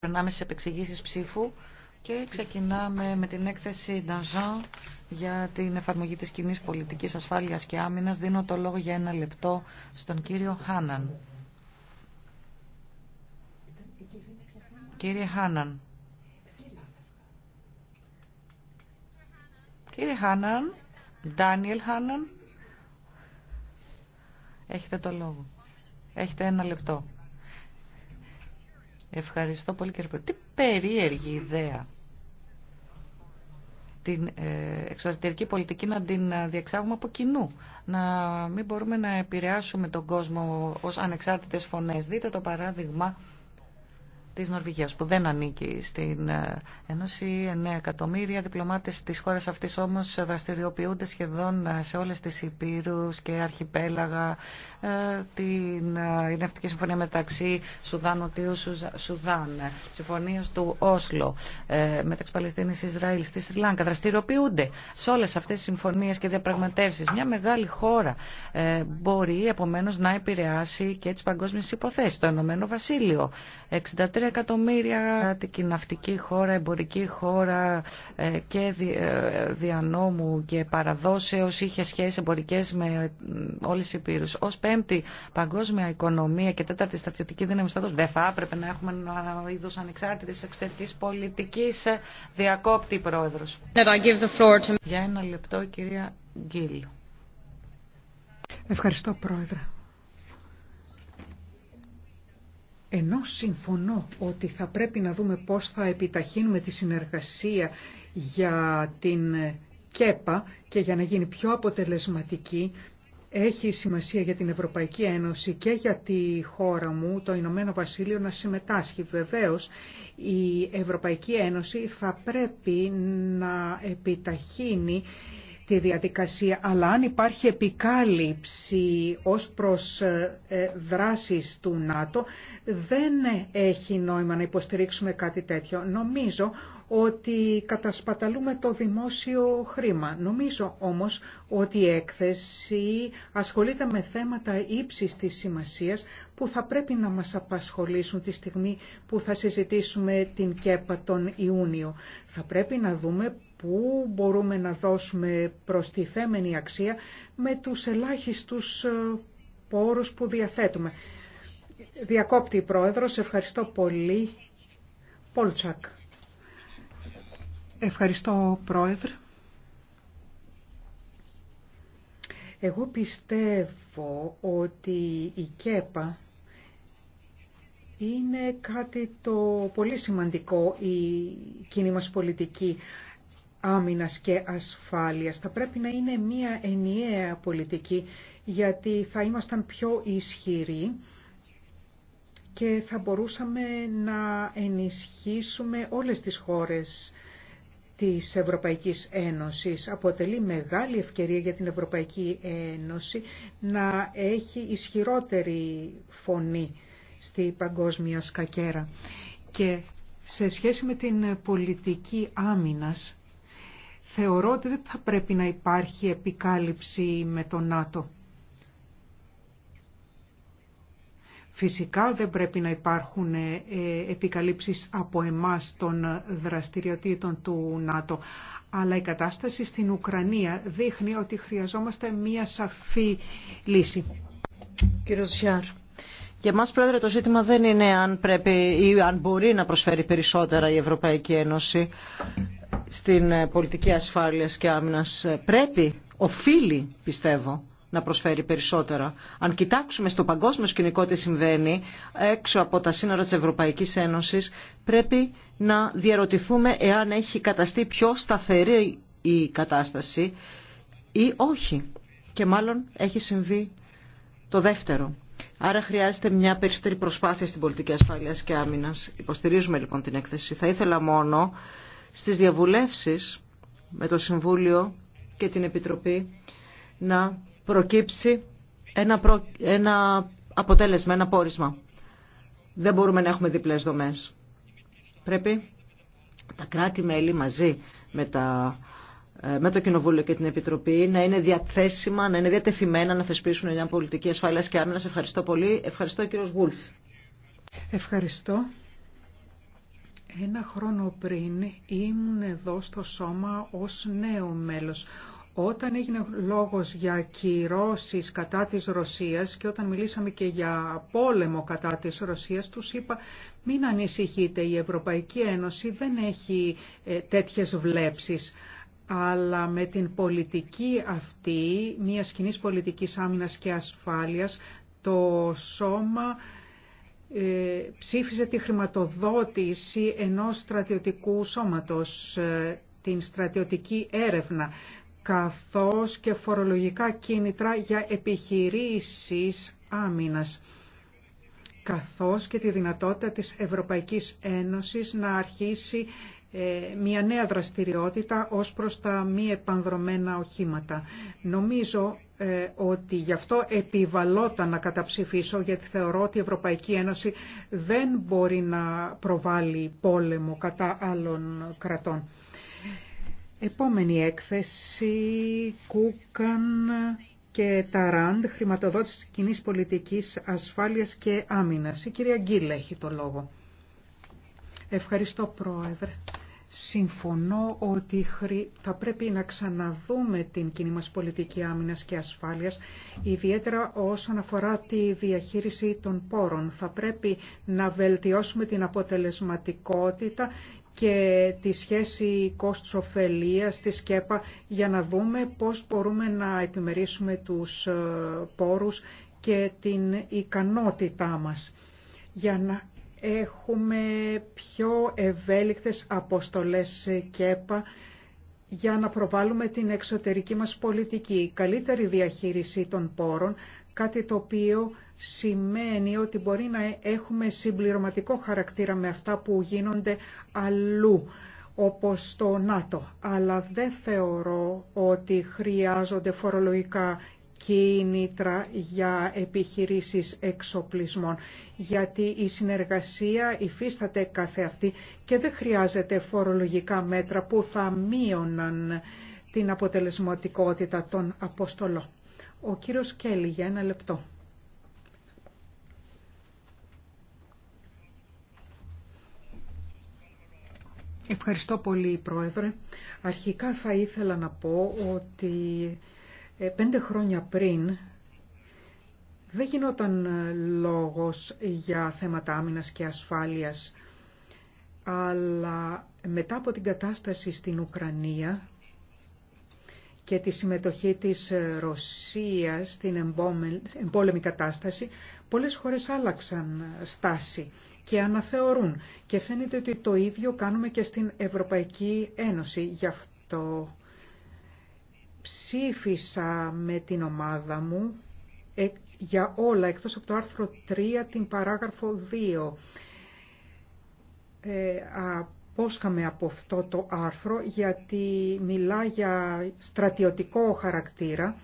Περνάμε στι επεξηγήσει ψήφου και ξεκινάμε με την έκθεση Νταζάν για την εφαρμογή της κοινή πολιτική ασφάλειας και άμυνα. Δίνω το λόγο για ένα λεπτό στον κύριο Χάναν. Κύριε Χάναν. Κύριε Χάναν, Ντάνιελ Χάναν, έχετε το λόγο. Έχετε ένα λεπτό. Ευχαριστώ πολύ κύριε Πρόεδρε. Τι περίεργη ιδέα την ε, εξωτερική πολιτική να την ε, διεξάγουμε από κοινού. Να μην μπορούμε να επηρεάσουμε τον κόσμο ως ανεξάρτητες φωνές. Δείτε το παράδειγμα της Νορβηγίας που δεν ανήκει στην ε, Ένωση. 9 εκατομμύρια διπλωμάτες της χώρας αυτής όμως δραστηριοποιούνται σχεδόν ε, σε όλες τις υπήρους και αρχιπέλαγα ε, την Ειρηνευτική Συμφωνία μεταξύ Σουδάνου Του Σουδάν, συμφωνία του Όσλο μεταξύ Παλαιστίνης Ισραήλ, στη Σρι Δραστηριοποιούνται σε όλες αυτές τις συμφωνίες και διαπραγματεύσεις. Μια μεγάλη χώρα μπορεί επομένως να επηρεάσει και τις παγκόσμιες υποθέσεις. Το Ενωμένο Βασίλειο, 63 εκατομμύρια την ναυτική χώρα, εμπορική χώρα ε, και ε, διανόμου και παραδόσεως είχε σχέσεις εμπορικές με όλες τις υπήρους. Ως πέμπτη παγκόσμια οικονομία και τέταρτη στρατιωτική δύναμη στάτους δεν θα έπρεπε να έχουμε ένα είδος ανεξάρτητης εξωτερικής πολιτικής ε, διακόπτη πρόεδρος. Για ένα λεπτό κυρία Γκίλ. Ευχαριστώ πρόεδρε. Ενώ συμφωνώ ότι θα πρέπει να δούμε πώς θα επιταχύνουμε τη συνεργασία για την ΚΕΠΑ και για να γίνει πιο αποτελεσματική, έχει σημασία για την Ευρωπαϊκή Ένωση και για τη χώρα μου, το Ηνωμένο Βασίλειο, να συμμετάσχει. Βεβαίως, η Ευρωπαϊκή Ένωση θα πρέπει να επιταχύνει τη διαδικασία, αλλά αν υπάρχει επικάλυψη ως προς ε, ε, δράσεις του ΝΑΤΟ, δεν έχει νόημα να υποστηρίξουμε κάτι τέτοιο. Νομίζω ότι κατασπαταλούμε το δημόσιο χρήμα. Νομίζω όμως ότι η έκθεση ασχολείται με θέματα ύψης της σημασίας που θα πρέπει να μας απασχολήσουν τη στιγμή που θα συζητήσουμε την ΚΕΠΑ τον Ιούνιο. Θα πρέπει να δούμε πού μπορούμε να δώσουμε προστιθέμενη αξία με τους ελάχιστους ε, πόρους που διαθέτουμε. Διακόπτη Πρόεδρος, ευχαριστώ πολύ. Πολτσακ. Ευχαριστώ, Πρόεδρε. Εγώ πιστεύω ότι η ΚΕΠΑ είναι κάτι το πολύ σημαντικό η κοινή πολιτική άμυνας και ασφάλειας. Θα πρέπει να είναι μια ενιαία πολιτική γιατί θα ήμασταν πιο ισχυροί και θα μπορούσαμε να ενισχύσουμε όλες τις χώρες της Ευρωπαϊκής Ένωσης. Αποτελεί μεγάλη ευκαιρία για την Ευρωπαϊκή Ένωση να έχει ισχυρότερη φωνή στη παγκόσμια σκακέρα. Και σε σχέση με την πολιτική άμυνας, θεωρώ ότι δεν θα πρέπει να υπάρχει επικάλυψη με τον ΝΑΤΟ. Φυσικά δεν πρέπει να υπάρχουν ε, ε, επικαλύψεις από εμάς των δραστηριοτήτων του ΝΑΤΟ, αλλά η κατάσταση στην Ουκρανία δείχνει ότι χρειαζόμαστε μία σαφή λύση. Κύριε Ζιάρ. Για μας, Πρόεδρε, το ζήτημα δεν είναι αν πρέπει ή αν μπορεί να προσφέρει περισσότερα η Ευρωπαϊκή Ένωση στην ε, πολιτική ασφάλειας και άμυνας. Πρέπει, οφείλει, πιστεύω, να προσφέρει περισσότερα. Αν κοιτάξουμε στο παγκόσμιο σκηνικό τι συμβαίνει έξω από τα σύνορα της Ευρωπαϊκής Ένωσης, πρέπει να διαρωτηθούμε εάν έχει καταστεί πιο σταθερή η κατάσταση ή όχι. Και μάλλον έχει συμβεί το δεύτερο. Άρα χρειάζεται μια περισσότερη προσπάθεια στην πολιτική ασφάλεια και άμυνα. Υποστηρίζουμε λοιπόν την έκθεση. Θα ήθελα μόνο στις διαβουλεύσεις με το Συμβούλιο και την Επιτροπή να προκύψει ένα, αποτέλεσμα, ένα πόρισμα. Δεν μπορούμε να έχουμε διπλές δομές. Πρέπει τα κράτη-μέλη μαζί ε, με, το Κοινοβούλιο και την Επιτροπή να είναι διαθέσιμα, να είναι διατεθειμένα να θεσπίσουν μια πολιτική ασφάλεια και άμυνας. Ευχαριστώ πολύ. Ευχαριστώ κύριο Γούλφ. Ευχαριστώ. Ένα χρόνο πριν ήμουν εδώ στο σώμα ως νέο μέλος. Όταν έγινε λόγος για κυρώσεις κατά της Ρωσίας και όταν μιλήσαμε και για πόλεμο κατά της Ρωσίας, τους είπα μην ανησυχείτε, η Ευρωπαϊκή Ένωση δεν έχει ε, τέτοιες βλέψεις αλλά με την πολιτική αυτή, μια κοινή πολιτικής άμυνας και ασφάλειας, το σώμα ε, ψήφισε τη χρηματοδότηση ενός στρατιωτικού σώματος, ε, την στρατιωτική έρευνα καθώς και φορολογικά κίνητρα για επιχειρήσεις άμυνας καθώς και τη δυνατότητα της Ευρωπαϊκής Ένωσης να αρχίσει ε, μια νέα δραστηριότητα ως προς τα μη επανδρομένα οχήματα. Νομίζω ε, ότι γι' αυτό επιβαλόταν να καταψηφίσω γιατί θεωρώ ότι η Ευρωπαϊκή Ένωση δεν μπορεί να προβάλλει πόλεμο κατά άλλων κρατών. Επόμενη έκθεση Κούκαν και Ταράντ, χρηματοδότηση της κοινής πολιτικής ασφάλειας και άμυνας. Η κυρία Γκίλα έχει το λόγο. Ευχαριστώ Πρόεδρε. Συμφωνώ ότι θα πρέπει να ξαναδούμε την κοινή μας πολιτική άμυνας και ασφάλειας, ιδιαίτερα όσον αφορά τη διαχείριση των πόρων. Θα πρέπει να βελτιώσουμε την αποτελεσματικότητα και τη σχέση κόστους ωφελίας της ΣΚΕΠΑ για να δούμε πώς μπορούμε να επιμερίσουμε τους ε, πόρους και την ικανότητά μας για έχουμε πιο ευέλικτες αποστολές σε ΚΕΠΑ για να προβάλλουμε την εξωτερική μας πολιτική, καλύτερη διαχείριση των πόρων, κάτι το οποίο σημαίνει ότι μπορεί να έχουμε συμπληρωματικό χαρακτήρα με αυτά που γίνονται αλλού, όπως το ΝΑΤΟ. Αλλά δεν θεωρώ ότι χρειάζονται φορολογικά κίνητρα για επιχειρήσεις εξοπλισμών, γιατί η συνεργασία υφίσταται κάθε αυτή και δεν χρειάζεται φορολογικά μέτρα που θα μείωναν την αποτελεσματικότητα των αποστολών. Ο κύριος Κέλλη για ένα λεπτό. Ευχαριστώ πολύ, Πρόεδρε. Αρχικά θα ήθελα να πω ότι ε, πέντε χρόνια πριν δεν γινόταν ε, λόγος για θέματα άμυνας και ασφάλειας, αλλά μετά από την κατάσταση στην Ουκρανία και τη συμμετοχή της ε, Ρωσίας στην εμπόλεμη κατάσταση, πολλές χώρες άλλαξαν στάση και αναθεωρούν. Και φαίνεται ότι το ίδιο κάνουμε και στην Ευρωπαϊκή Ένωση. Γι' αυτό ψήφισα με την ομάδα μου ε, για όλα, εκτός από το άρθρο 3, την παράγραφο 2. Ε, απόσχαμε από αυτό το άρθρο γιατί μιλά για στρατιωτικό χαρακτήρα,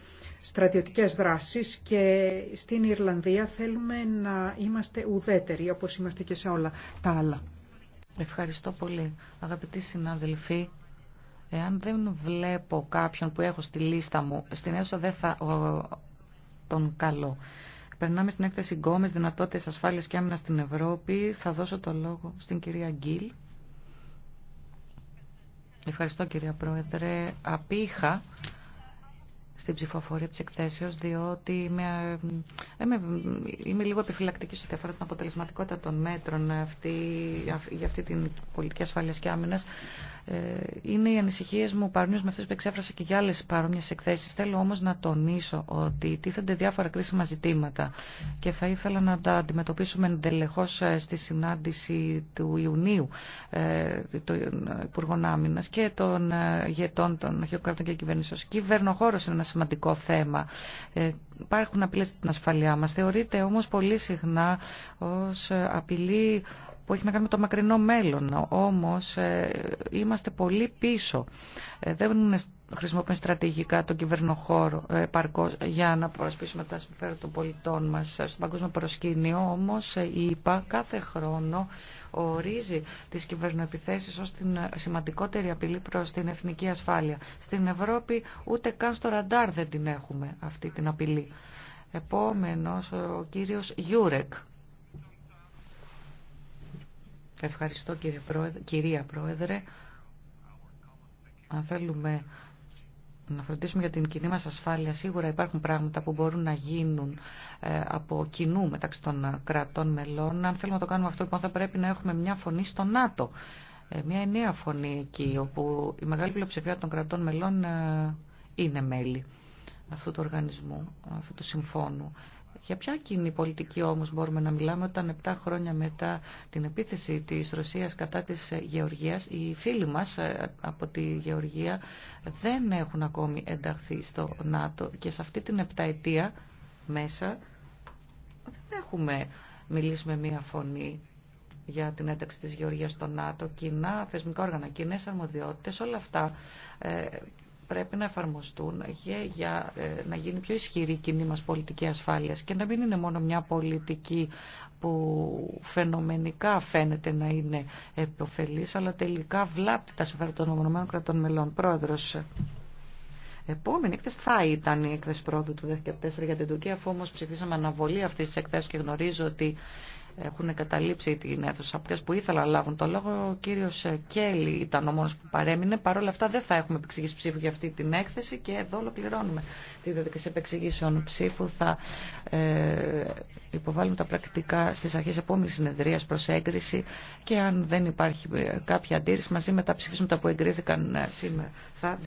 στρατιωτικές δράσεις και στην Ιρλανδία θέλουμε να είμαστε ουδέτεροι όπως είμαστε και σε όλα τα άλλα. Ευχαριστώ πολύ αγαπητοί συνάδελφοι. Εάν δεν βλέπω κάποιον που έχω στη λίστα μου, στην αίθουσα δεν θα τον καλώ. Περνάμε στην έκθεση Γκόμες, δυνατότητες ασφάλειας και άμυνα στην Ευρώπη. Θα δώσω το λόγο στην κυρία Γκίλ. Ευχαριστώ κυρία Πρόεδρε. Απήχα στην ψηφοφορία τη εκθέσεω, διότι είμαι, είμαι, είμαι λίγο επιφυλακτική σε αφορά την αποτελεσματικότητα των μέτρων αυτή, για αυτή την πολιτική ασφάλεια και άμυνα. Ε, είναι οι ανησυχίε μου παρόμοιε με αυτέ που εξέφρασα και για άλλε παρόμοιε εκθέσει. Θέλω όμω να τονίσω ότι τίθενται διάφορα κρίσιμα ζητήματα και θα ήθελα να τα αντιμετωπίσουμε εντελεχώ ε, στη συνάντηση του Ιουνίου ε, των Υπουργών Άμυνα και των ηγετών των Αρχαιοκράτων και κυβερνήσεων. Κυβερνοχώρο είναι ένα σημαντικό θέμα. Ε, υπάρχουν απειλές στην ασφαλειά μας. Θεωρείται όμως πολύ συχνά ως απειλή που έχει να κάνει με το μακρινό μέλλον. Όμως ε, είμαστε πολύ πίσω. Ε, δεν χρησιμοποιούμε στρατηγικά τον κυβερνοχώρο για να προσπίσουμε τα συμφέροντα των πολιτών μας. Στο παγκόσμιο προσκήνιο όμως είπα κάθε χρόνο ορίζει τι κυβερνοεπιθέσει ω την σημαντικότερη απειλή προς την εθνική ασφάλεια. Στην Ευρώπη ούτε καν στο ραντάρ δεν την έχουμε αυτή την απειλή. Επόμενο, ο κύριος Γιούρεκ. Ευχαριστώ κύριε Πρόεδρε, κυρία Πρόεδρε. Αν θέλουμε να φροντίσουμε για την κοινή μας ασφάλεια. Σίγουρα υπάρχουν πράγματα που μπορούν να γίνουν ε, από κοινού μεταξύ των κρατών μελών. Αν θέλουμε να το κάνουμε αυτό, λοιπόν, θα πρέπει να έχουμε μια φωνή στο ΝΑΤΟ. Ε, μια ενιαία φωνή εκεί, όπου η μεγάλη πλειοψηφία των κρατών μελών ε, είναι μέλη αυτού του οργανισμού, αυτού του συμφώνου. Για ποια κοινή πολιτική όμως μπορούμε να μιλάμε όταν 7 χρόνια μετά την επίθεση της Ρωσίας κατά της Γεωργίας οι φίλοι μας ε, από τη Γεωργία δεν έχουν ακόμη ενταχθεί στο ΝΑΤΟ και σε αυτή την επταετία μέσα δεν έχουμε μιλήσει με μία φωνή για την ένταξη της Γεωργίας στο ΝΑΤΟ, κοινά θεσμικά όργανα, κοινέ αρμοδιότητες, όλα αυτά ε, πρέπει να εφαρμοστούν για ε, να γίνει πιο ισχυρή η κοινή μας πολιτική ασφάλειας και να μην είναι μόνο μια πολιτική που φαινομενικά φαίνεται να είναι επωφελής, αλλά τελικά βλάπτει τα συμφέροντα των κρατών μελών. Πρόεδρος, επόμενη έκθεση θα ήταν η έκθεση πρόοδου του 2014 για την Τουρκία, αφού όμως ψηφίσαμε αναβολή αυτής της εκθέσης και γνωρίζω ότι έχουν καταλήψει την αίθουσα από που ήθελα να λάβουν το λόγο. Ο κύριο Κέλλη ήταν ο μόνος που παρέμεινε. Παρ' όλα αυτά δεν θα έχουμε επεξηγήσει ψήφου για αυτή την έκθεση και εδώ ολοκληρώνουμε τη διαδικασία επεξηγήσεων ψήφου. Θα ε, υποβάλουμε τα πρακτικά στις αρχές επόμενη συνεδρία προ έγκριση και αν δεν υπάρχει ε, κάποια αντίρρηση μαζί με τα ψηφίσματα που εγκρίθηκαν ε, σήμερα. Θα